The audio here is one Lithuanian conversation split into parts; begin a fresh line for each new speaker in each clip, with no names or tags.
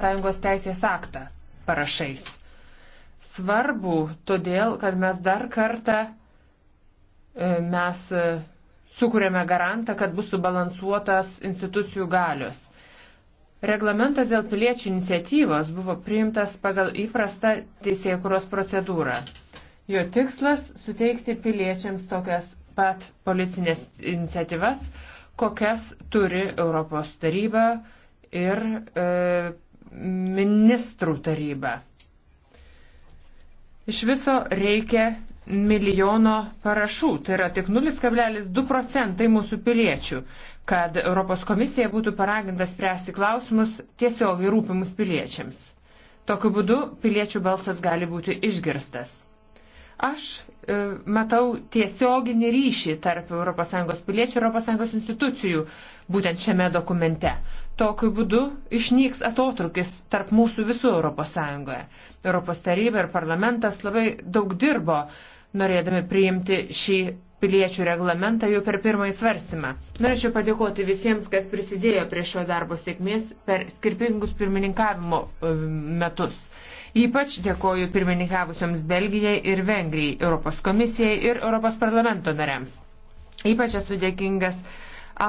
sąjungos teisės aktą parašais. Svarbu todėl, kad mes dar kartą e, mes e, sukūrėme garantą, kad bus subalansuotas institucijų galios. Reglamentas dėl piliečių iniciatyvos buvo priimtas pagal įprastą teisėkuros procedūrą. Jo tikslas - suteikti piliečiams tokias pat policinės iniciatyvas, kokias turi Europos taryba ir e, ministrų taryba. Iš viso reikia milijono parašų, tai yra tik 0,2 procentai mūsų piliečių, kad Europos komisija būtų paraginta spręsti klausimus tiesiogiai rūpimus piliečiams. Tokiu būdu piliečių balsas gali būti išgirstas. Aš e, matau tiesioginį ryšį tarp ES piliečių ir ES institucijų būtent šiame dokumente. Tokiu būdu išnyks atotrukis tarp mūsų visų ES. Europos taryba ir parlamentas labai daug dirbo, norėdami priimti šį piliečių reglamentą jau per pirmąjį svarstymą. Norėčiau padėkoti visiems, kas prisidėjo prie šio darbo sėkmės per skirtingus pirmininkavimo e, metus. Ypač dėkoju pirmininkavusioms Belgijai ir Vengrijai, Europos komisijai ir Europos parlamento nariams. Ypač esu dėkingas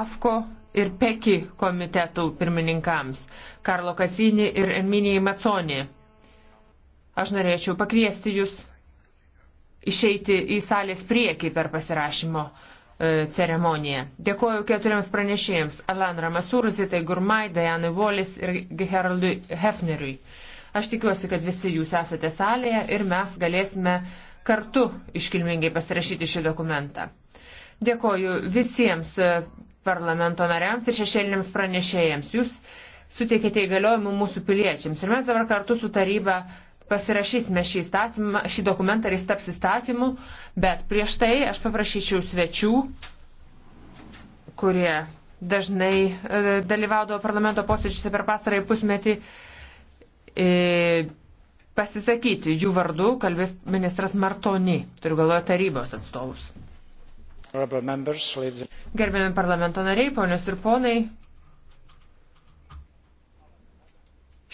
AFKO ir Peki komitetų pirmininkams - Karlo Kasinį ir Minijai Maconį. Aš norėčiau pakviesti jūs išeiti į salės priekį per pasirašymo e, ceremoniją. Dėkoju keturiams pranešėjams - Alan Ramasūrusai, tai Gurmai, Dianui Volis ir Geraldui Hefneriui. Aš tikiuosi, kad visi jūs esate salėje ir mes galėsime kartu iškilmingai pasirašyti šį dokumentą. Dėkoju visiems e, parlamento nariams ir šešėliniams pranešėjams. Jūs suteikėte įgaliojimų mūsų piliečiams. Ir mes dabar kartu su taryba pasirašysime šį, įstatymą, šį dokumentą ir jis taps įstatymu, bet prieš tai aš paprašyčiau svečių, kurie dažnai e, dalyvaudavo parlamento posėdžiuose per pastarąjį pusmetį, e, pasisakyti jų vardu, kalbės ministras Martoni, turiu galvoje tarybos atstovus. Gerbiami parlamento nariai, ponios ir ponai,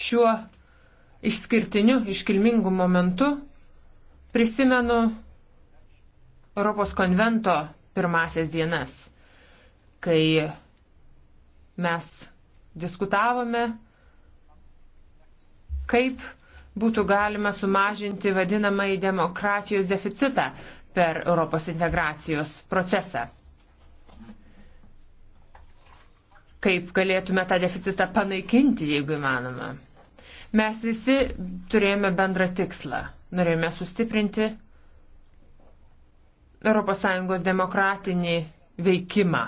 šiuo išskirtiniu, iškilmingu momentu prisimenu Europos konvento pirmasias dienas, kai mes diskutavome, kaip būtų galima sumažinti vadinamąjį demokratijos deficitą, per Europos integracijos procesą. Kaip galėtume tą deficitą panaikinti, jeigu įmanoma. Mes visi turėjome bendrą tikslą. Norėjome sustiprinti ES demokratinį veikimą.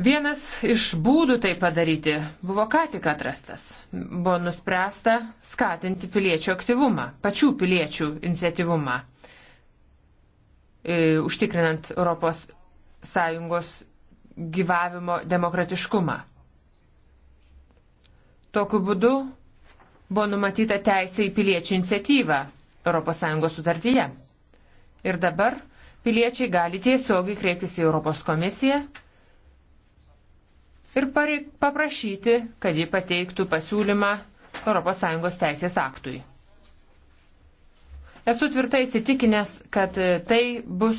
Vienas iš būdų tai padaryti buvo ką tik atrastas. Buvo nuspręsta skatinti piliečių aktyvumą, pačių piliečių iniciatyvumą, e, užtikrinant ES gyvavimo demokratiškumą. Tokiu būdu buvo numatyta teisė į piliečių iniciatyvą ES sutartyje. Ir dabar piliečiai gali tiesiogiai kreiptis į Europos komisiją ir paprašyti, kad ji pateiktų pasiūlymą ES teisės aktui. Esu tvirtai įsitikinęs, kad tai bus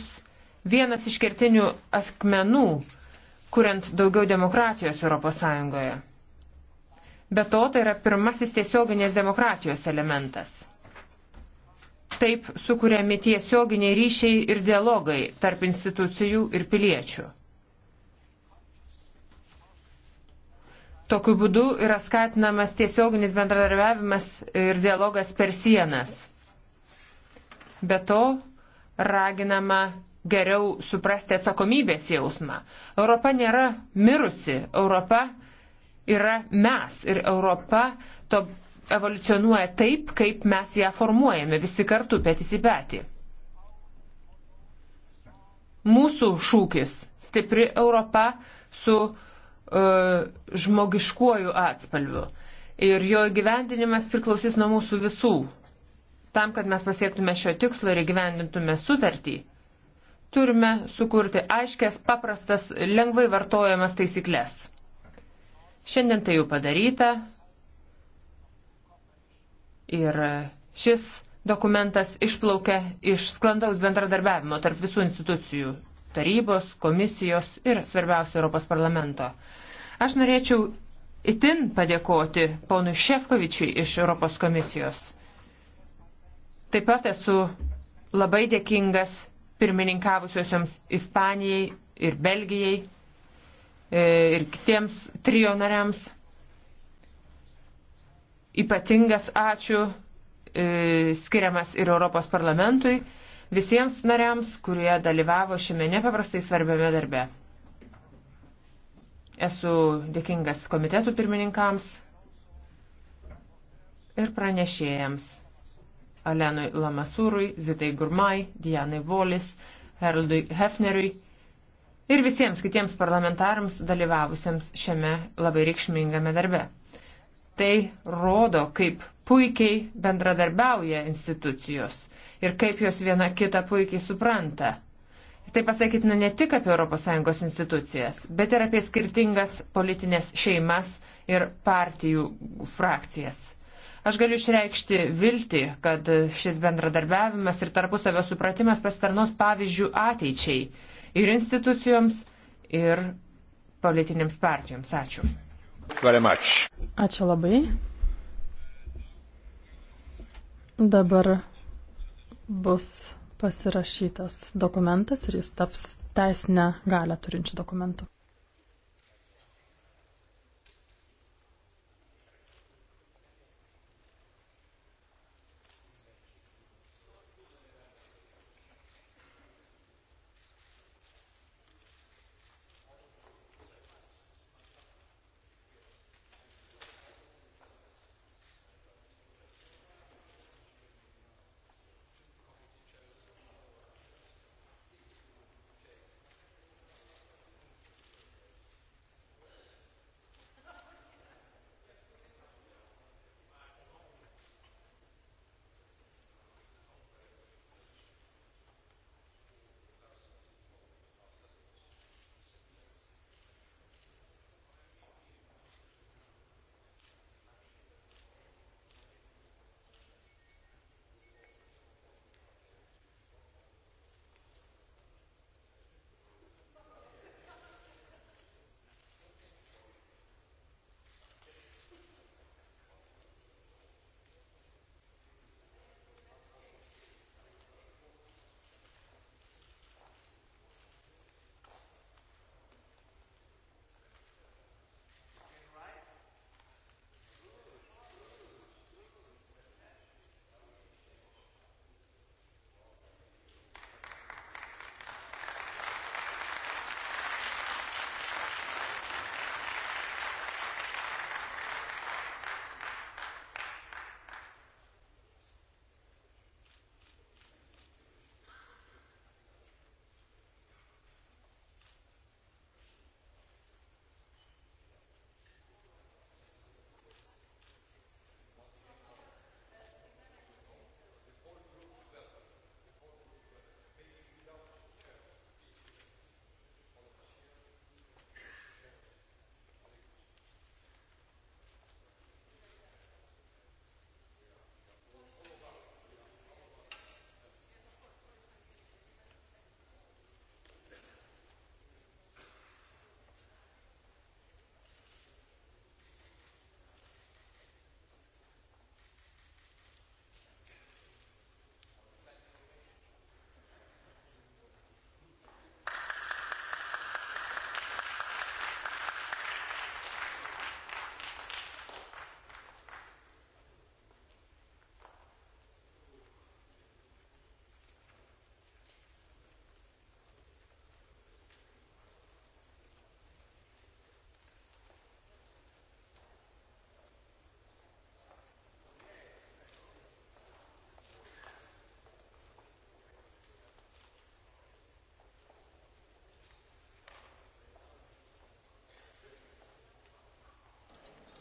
vienas iš kertinių akmenų, kuriant daugiau demokratijos ES. Be to, tai yra pirmasis tiesioginės demokratijos elementas. Taip sukūrėmi tiesioginiai ryšiai ir dialogai tarp institucijų ir piliečių. Tokiu būdu yra skatinamas tiesioginis bendradarbiavimas ir dialogas per sienas. Be to, raginama geriau suprasti atsakomybės jausmą. Europa nėra mirusi, Europa yra mes ir Europa to evoliucionuoja taip, kaip mes ją formuojame visi kartu petys į petį. Mūsų šūkis - stipri Europa su E, žmogiškuoju atspalviu. Ir jo gyvendinimas priklausys nuo mūsų visų. Tam, kad mes pasiektume šio tikslo ir gyvendintume sutartį, turime sukurti aiškės, paprastas, lengvai vartojamas taisyklės. Šiandien tai jau padaryta. Ir šis dokumentas išplaukia iš sklandaus bendradarbiavimo tarp visų institucijų tarybos, komisijos ir svarbiausia Europos parlamento. Aš norėčiau itin padėkoti ponui Šefkovičiui iš Europos komisijos. Taip pat esu labai dėkingas pirmininkavusiosioms Ispanijai ir Belgijai e, ir kitiems trijo nariams. Ypatingas ačiū e, skiriamas ir Europos parlamentui visiems nariams, kurie dalyvavo šiame nepaprastai svarbiame darbe. Esu dėkingas komitetų pirmininkams ir pranešėjams Alenui Lamasūrui, Zitai Gurmai, Dianai Volis, Heraldui Hefneriui ir visiems kitiems parlamentarams dalyvavusiems šiame labai reikšmingame darbe. Tai rodo, kaip puikiai bendradarbiauja institucijos ir kaip jos viena kitą puikiai supranta. Tai pasakytina ne tik apie ES institucijas, bet ir apie skirtingas politinės šeimas ir partijų frakcijas. Aš galiu išreikšti viltį, kad šis bendradarbiavimas ir tarpusavio supratimas pasitarnos pavyzdžių ateičiai ir institucijoms, ir politinėms partijoms. Ačiū. Ačiū labai. Dabar bus pasirašytas dokumentas ir jis taps teisinę galę turinčių dokumentų.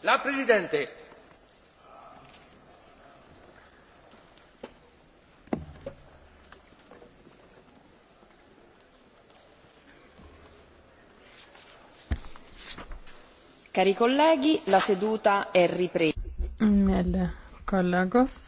La Presidente. Cari colleghi, la seduta è ripresa. Mėly kolegos,